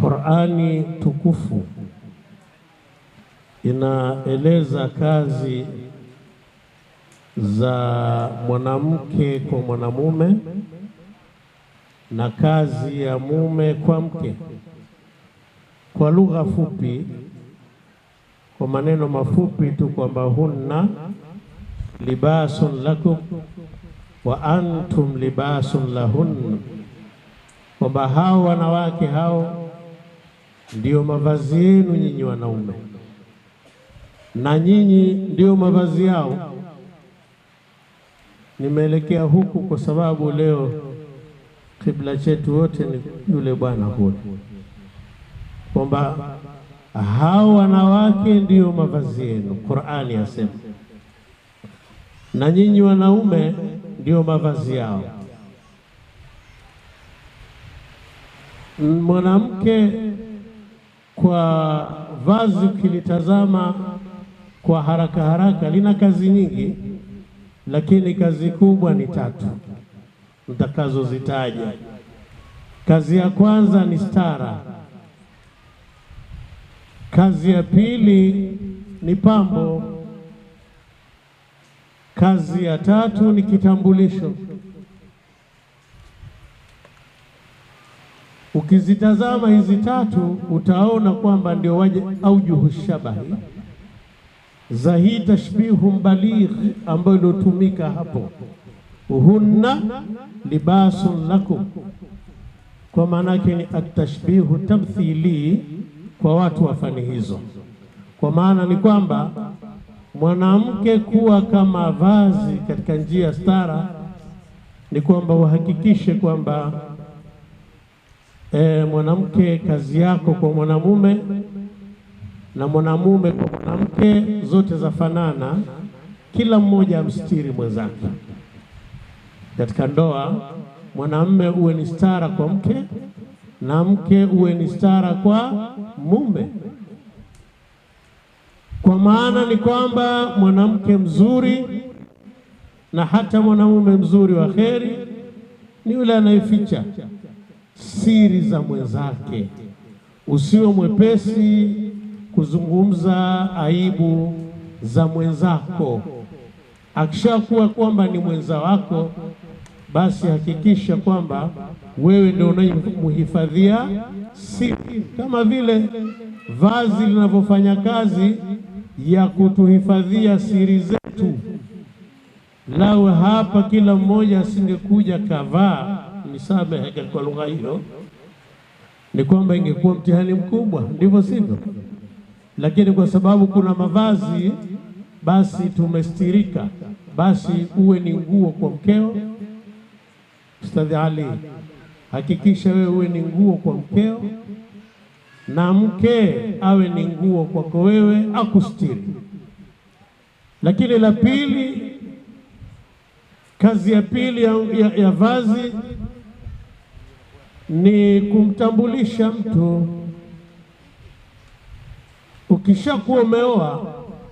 Qur'ani tukufu inaeleza kazi za mwanamke kwa mwanamume na kazi ya mume kwa mke. Kwa lugha fupi, kwa maneno mafupi tu kwamba hunna libasun lakum wa antum libasun lahunna, kwamba hao wanawake hao ndiyo mavazi yenu nyinyi wanaume, na nyinyi ndiyo mavazi yao. Nimeelekea huku kwa sababu leo kibla chetu wote ni yule bwana huyo, kwamba hao wanawake ndiyo mavazi yenu. Qur'ani yasema, na nyinyi wanaume ndiyo mavazi yao. Mwanamke kwa vazi ukilitazama kwa haraka haraka lina kazi nyingi, lakini kazi kubwa ni tatu nitakazozitaja. Kazi ya kwanza ni stara, kazi ya pili ni pambo, kazi ya tatu ni kitambulisho. Ukizitazama hizi tatu utaona kwamba ndio waje aujuhu shabahi za hii tashbihu mbaligh ambayo iliotumika hapo, hunna libasun lakum, kwa maana yake ni atashbihu tamthili kwa watu wa fani hizo, kwa maana ni kwamba mwanamke kuwa kama vazi katika njia stara, ni kwamba uhakikishe kwamba e, mwanamke kazi yako kwa mwanamume na mwanamume kwa mwanamke, zote za fanana, kila mmoja amstiri mwenzake katika ndoa. Mwanamume uwe ni stara kwa mke na mke uwe ni stara kwa mume, kwa maana ni kwamba mwanamke mzuri na hata mwanamume mzuri wa kheri ni yule anayeficha siri za mwenzake. Usiwe mwepesi kuzungumza aibu za mwenzako. Akishakuwa kwamba ni mwenza wako, basi hakikisha kwamba wewe ndio unayemhifadhia siri, kama vile vazi linavyofanya kazi ya kutuhifadhia siri zetu. Lau hapa kila mmoja asingekuja kavaa kunisamehe katika lugha hiyo, ni kwamba ingekuwa mtihani mkubwa, ndivyo sivyo? Lakini kwa sababu kuna mavazi, basi tumestirika, basi uwe ni nguo kwa mkeo. Ustadhi Ali, hakikisha wewe uwe ni nguo kwa mkeo na mke awe ni nguo kwako wewe, akustiri. Lakini la pili, kazi ya pili ya, ya, ya vazi ni kumtambulisha mtu. Ukishakuwa umeoa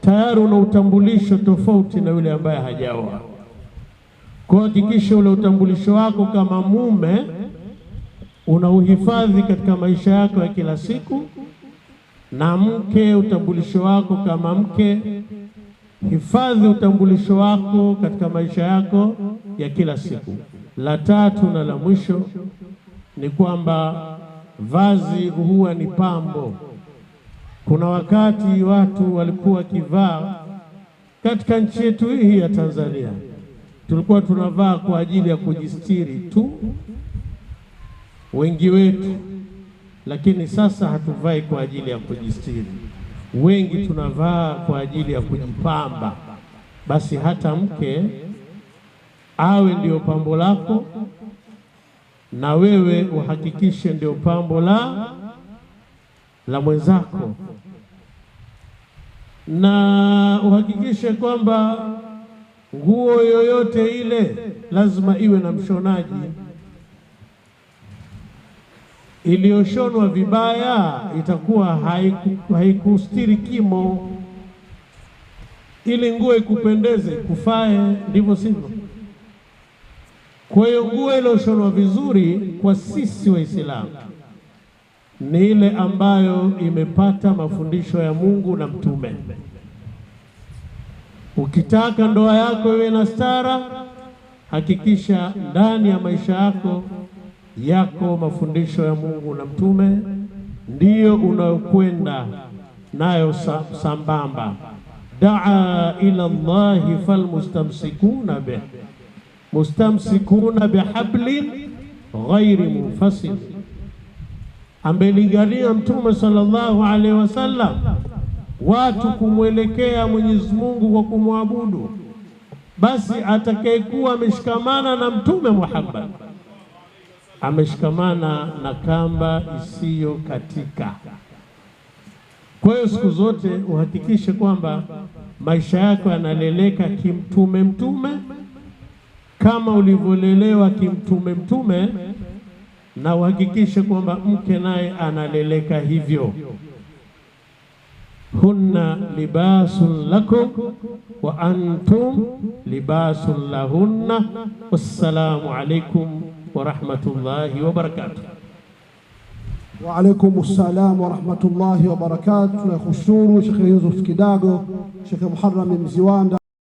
tayari una utambulisho tofauti na yule ambaye hajaoa. Kwa hakikisha ule utambulisho wako kama mume unauhifadhi katika maisha yako ya kila siku, na mke, utambulisho wako kama mke, hifadhi utambulisho wako katika maisha yako ya kila siku. La tatu na la mwisho ni kwamba vazi huwa ni pambo. Kuna wakati watu walikuwa wakivaa katika nchi yetu hii ya Tanzania, tulikuwa tunavaa kwa ajili ya kujistiri tu wengi wetu, lakini sasa hatuvai kwa ajili ya kujistiri. Wengi tunavaa kwa ajili ya kujipamba. Basi hata mke awe ndio pambo lako na wewe uhakikishe ndio pambo la la mwenzako, na uhakikishe kwamba nguo yoyote ile lazima iwe na mshonaji. Iliyoshonwa vibaya itakuwa haikustiri kimo, ili nguo ikupendeze, kufae, ndivyo sivyo? Kwa hiyo nguo iliyoshonwa vizuri kwa sisi Waislamu ni ile ambayo imepata mafundisho ya Mungu na Mtume. Ukitaka ndoa yako iwe na stara, hakikisha ndani ya maisha yako yako mafundisho ya Mungu na Mtume, ndiyo unayokwenda nayo sambamba. Daa ila llahi falmustamsikuna bih mustamsikuna bihablin ghairi munfasil, amelingania Mtume sallallahu alaihi wasallam watu kumwelekea Mwenyezi Mungu kwa kumwabudu. Basi atakayekuwa ameshikamana na Mtume Muhammad ameshikamana na kamba isiyo katika Kwa hiyo siku zote uhakikishe kwamba maisha yako yanaleleka kimtume mtume, mtume kama ulivyolelewa kimtume mtume, na uhakikishe kwamba mke naye analeleka hivyo. Hunna libasun lakum wa antum libasun lahunna. Wassalamu alaikum wa rahmatullahi wa barakatuh. Wa alaikum salam wa rahmatullahi wa barakatuh. Tunakushukuru Shekhe Yusuf Kidago, Shekhe Muharram Mziwanda.